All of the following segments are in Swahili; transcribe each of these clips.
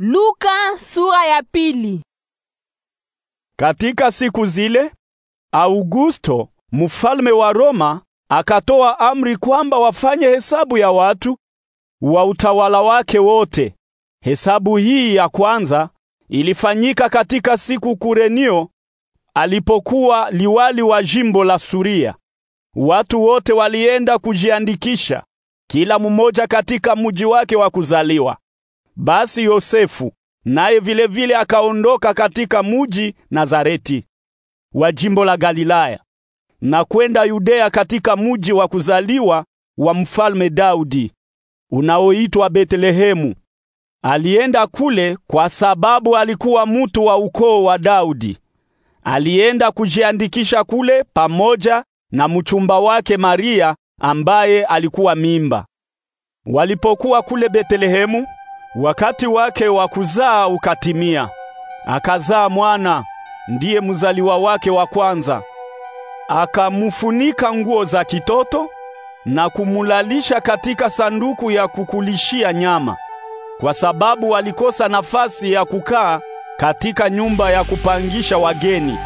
Luka sura ya pili. Katika siku zile Augusto mfalme wa Roma akatoa amri kwamba wafanye hesabu ya watu wa utawala wake wote. Hesabu hii ya kwanza ilifanyika katika siku Kurenio alipokuwa liwali wa jimbo la Suria. Watu wote walienda kujiandikisha kila mmoja katika mji wake wa kuzaliwa. Basi Yosefu naye vile vile akaondoka katika muji Nazareti wa jimbo la Galilaya na kwenda Yudea katika muji wa kuzaliwa wa mfalme Daudi unaoitwa Betlehemu. Alienda kule kwa sababu alikuwa mtu wa ukoo wa Daudi. Alienda kujiandikisha kule pamoja na mchumba wake Maria ambaye alikuwa mimba. Walipokuwa kule Betlehemu, Wakati wake wa kuzaa ukatimia, akazaa mwana, ndiye mzaliwa wake wa kwanza. Akamfunika nguo za kitoto na kumulalisha katika sanduku ya kukulishia nyama, kwa sababu walikosa nafasi ya kukaa katika nyumba ya kupangisha wageni.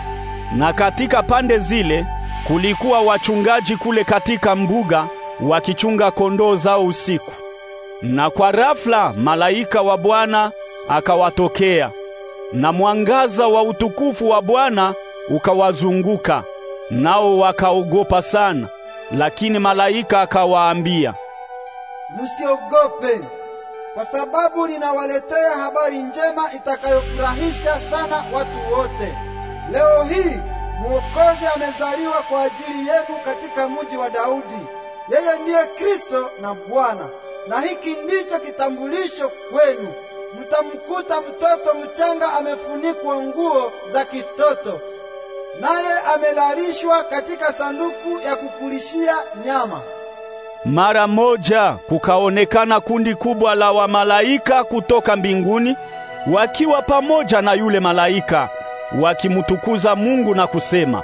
Na katika pande zile kulikuwa wachungaji kule katika mbuga wakichunga kondoo zao usiku. Na kwa rafla malaika wa Bwana akawatokea, na mwangaza wa utukufu wa Bwana ukawazunguka, nao wakaogopa sana. Lakini malaika akawaambia, musiogope, kwa sababu ninawaletea habari njema itakayofurahisha sana watu wote. Leo hii Mwokozi amezaliwa kwa ajili yenu katika muji wa Daudi. Yeye ndiye Kristo na Bwana na hiki ndicho kitambulisho kwenu, mtamkuta mtoto mchanga amefunikwa nguo za kitoto, naye amelalishwa katika sanduku ya kukulishia nyama. Mara moja kukaonekana kundi kubwa la wamalaika kutoka mbinguni wakiwa pamoja na yule malaika wakimtukuza Mungu na kusema,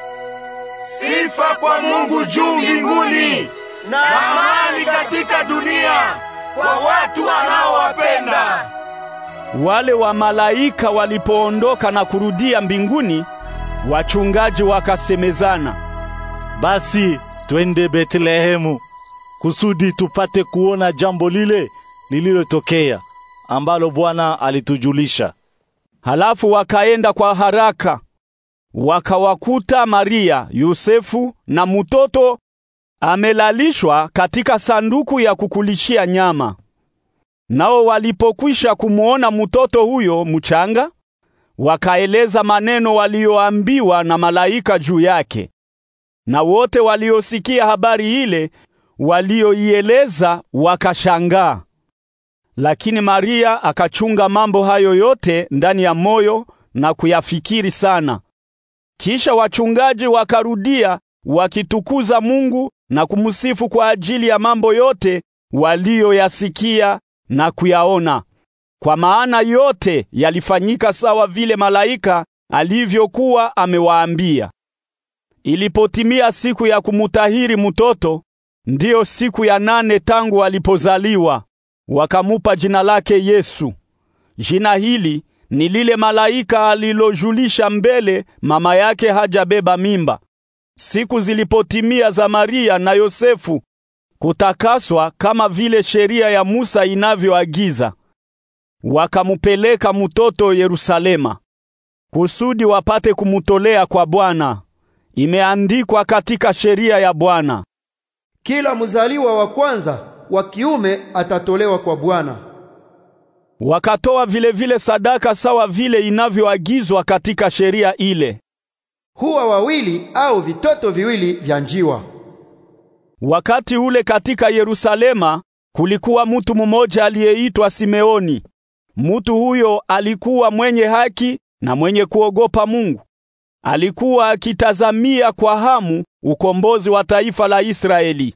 sifa kwa Mungu juu mbinguni na amani katika dunia kwa watu wanaowapenda. Wale wa malaika walipoondoka na kurudia mbinguni, wachungaji wakasemezana, basi twende Betlehemu kusudi tupate kuona jambo lile lililotokea ambalo Bwana alitujulisha. Halafu wakaenda kwa haraka, wakawakuta Maria, Yosefu na mtoto amelalishwa katika sanduku ya kukulishia nyama. Nao walipokwisha kumwona mtoto huyo mchanga, wakaeleza maneno walioambiwa na malaika juu yake, na wote waliosikia habari ile walioieleza wakashangaa. Lakini Maria akachunga mambo hayo yote ndani ya moyo na kuyafikiri sana. Kisha wachungaji wakarudia wakitukuza Mungu na kumsifu kwa ajili ya mambo yote waliyoyasikia na kuyaona, kwa maana yote yalifanyika sawa vile malaika alivyokuwa amewaambia. Ilipotimia siku ya kumutahiri mtoto, ndiyo siku ya nane tangu alipozaliwa, wakamupa jina lake Yesu. Jina hili ni lile malaika alilojulisha mbele mama yake hajabeba mimba. Siku zilipotimia za Maria na Yosefu kutakaswa kama vile sheria ya Musa inavyoagiza, wakamupeleka mtoto Yerusalema kusudi wapate kumutolea kwa Bwana. Imeandikwa katika sheria ya Bwana, kila mzaliwa wa kwanza wa kiume atatolewa kwa Bwana. Wakatoa vile vile sadaka sawa vile inavyoagizwa katika sheria ile huwa wawili au vitoto viwili vya njiwa. Wakati ule katika Yerusalema kulikuwa mutu mmoja aliyeitwa Simeoni. Mutu huyo alikuwa mwenye haki na mwenye kuogopa Mungu. Alikuwa akitazamia kwa hamu ukombozi wa taifa la Israeli.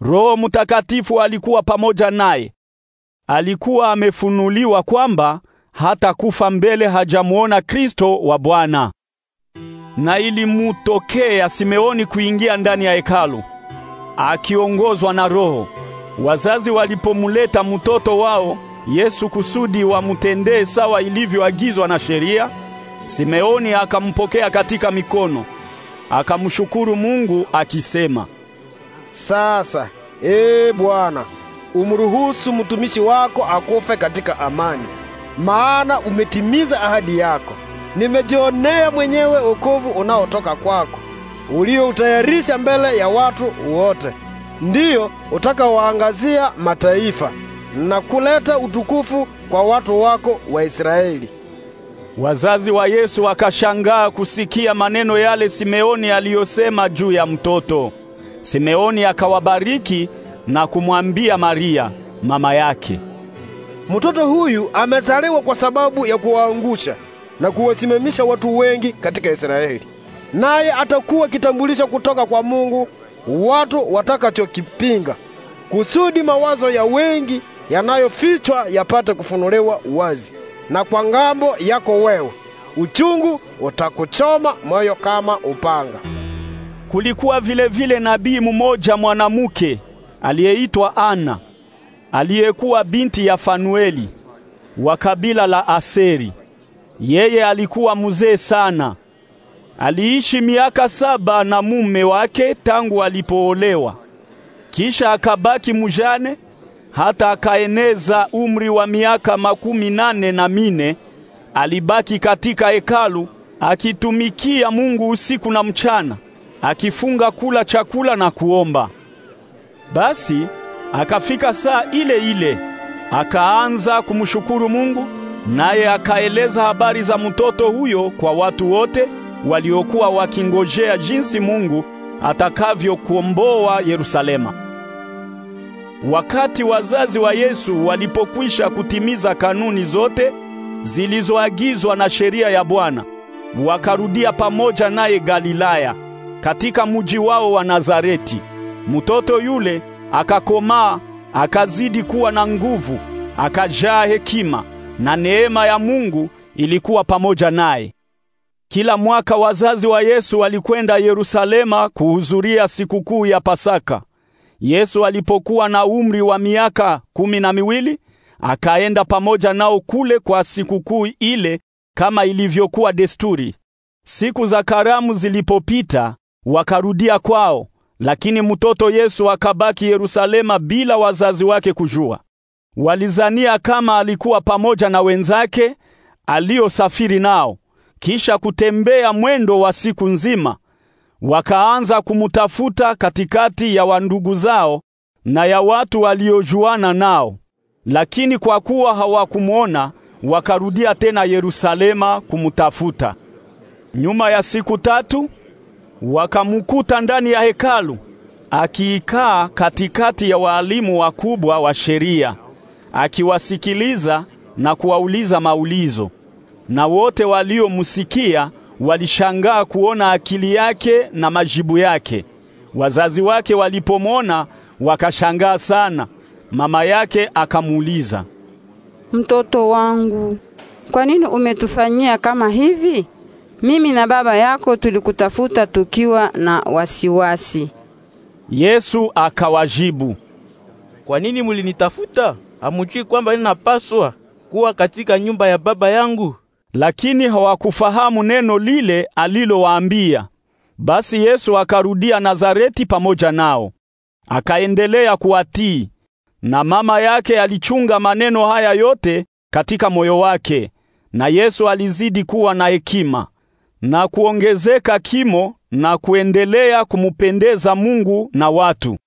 Roho Mtakatifu alikuwa pamoja naye. Alikuwa amefunuliwa kwamba hata kufa mbele hajamuona Kristo wa Bwana na ilimutokea Simeoni kuingia ndani ya hekalu akiongozwa na Roho. Wazazi walipomuleta mtoto wao Yesu kusudi wamutendee sawa ilivyoagizwa na sheria, Simeoni akampokea katika mikono, akamshukuru Mungu akisema, sasa ee Bwana, umruhusu mtumishi wako akufe katika amani, maana umetimiza ahadi yako nimejionea mwenyewe wokovu unaotoka kwako, ulioutayarisha mbele ya watu wote, ndiyo utakawaangazia mataifa na kuleta utukufu kwa watu wako wa Israeli. Wazazi wa Yesu wakashangaa kusikia maneno yale Simeoni aliyosema juu ya mtoto. Simeoni akawabariki na kumwambia Maria mama yake, mtoto huyu amezaliwa kwa sababu ya kuwaangusha na kuwasimamisha watu wengi katika Israeli, naye atakuwa kitambulisho kutoka kwa Mungu watu watakachokipinga, kusudi mawazo ya wengi yanayofichwa yapate kufunuliwa wazi. Na kwa ngambo yako wewe, uchungu utakuchoma moyo kama upanga. Kulikuwa vile vile nabii mmoja mwanamke aliyeitwa Ana, aliyekuwa binti ya Fanueli wa kabila la Aseri. Yeye alikuwa mzee sana. Aliishi miaka saba na mume wake tangu alipoolewa. Kisha akabaki mujane hata akaeneza umri wa miaka makumi nane na mine. Alibaki katika hekalu akitumikia Mungu usiku na mchana, akifunga kula chakula na kuomba. Basi akafika saa ile ile akaanza kumshukuru Mungu naye akaeleza habari za mtoto huyo kwa watu wote waliokuwa wakingojea jinsi Mungu atakavyokuomboa Yerusalema. Wakati wazazi wa Yesu walipokwisha kutimiza kanuni zote zilizoagizwa na sheria ya Bwana, wakarudia pamoja naye Galilaya katika mji wao wa Nazareti. Mtoto yule akakomaa, akazidi kuwa na nguvu, akajaa hekima na neema ya Mungu ilikuwa pamoja naye. Kila mwaka wazazi wa Yesu walikwenda Yerusalema kuhudhuria sikukuu ya Pasaka. Yesu alipokuwa na umri wa miaka kumi na miwili akaenda pamoja nao kule kwa sikukuu ile kama ilivyokuwa desturi. Siku za karamu zilipopita, wakarudia kwao, lakini mtoto Yesu akabaki Yerusalema bila wazazi wake kujua. Walizania kama alikuwa pamoja na wenzake aliosafiri nao, kisha kutembea mwendo wa siku nzima, wakaanza kumutafuta katikati ya wandugu zao na ya watu waliojuana nao, lakini kwa kuwa hawakumwona, wakarudia tena Yerusalema kumutafuta. Nyuma ya siku tatu wakamukuta ndani ya hekalu akiikaa katikati ya waalimu wakubwa wa sheria akiwasikiliza na kuwauliza maulizo, na wote waliomsikia walishangaa kuona akili yake na majibu yake. Wazazi wake walipomwona wakashangaa sana. Mama yake akamuuliza, mtoto wangu, kwa nini umetufanyia kama hivi? Mimi na baba yako tulikutafuta tukiwa na wasiwasi. Yesu akawajibu, kwa nini mulinitafuta? Hamujui kwamba ninapaswa kuwa katika nyumba ya baba yangu? Lakini hawakufahamu neno lile alilowaambia. Basi Yesu akarudia Nazareti pamoja nao, akaendelea kuwatii. Na mama yake alichunga maneno haya yote katika moyo wake, na Yesu alizidi kuwa na hekima na kuongezeka kimo na kuendelea kumupendeza Mungu na watu.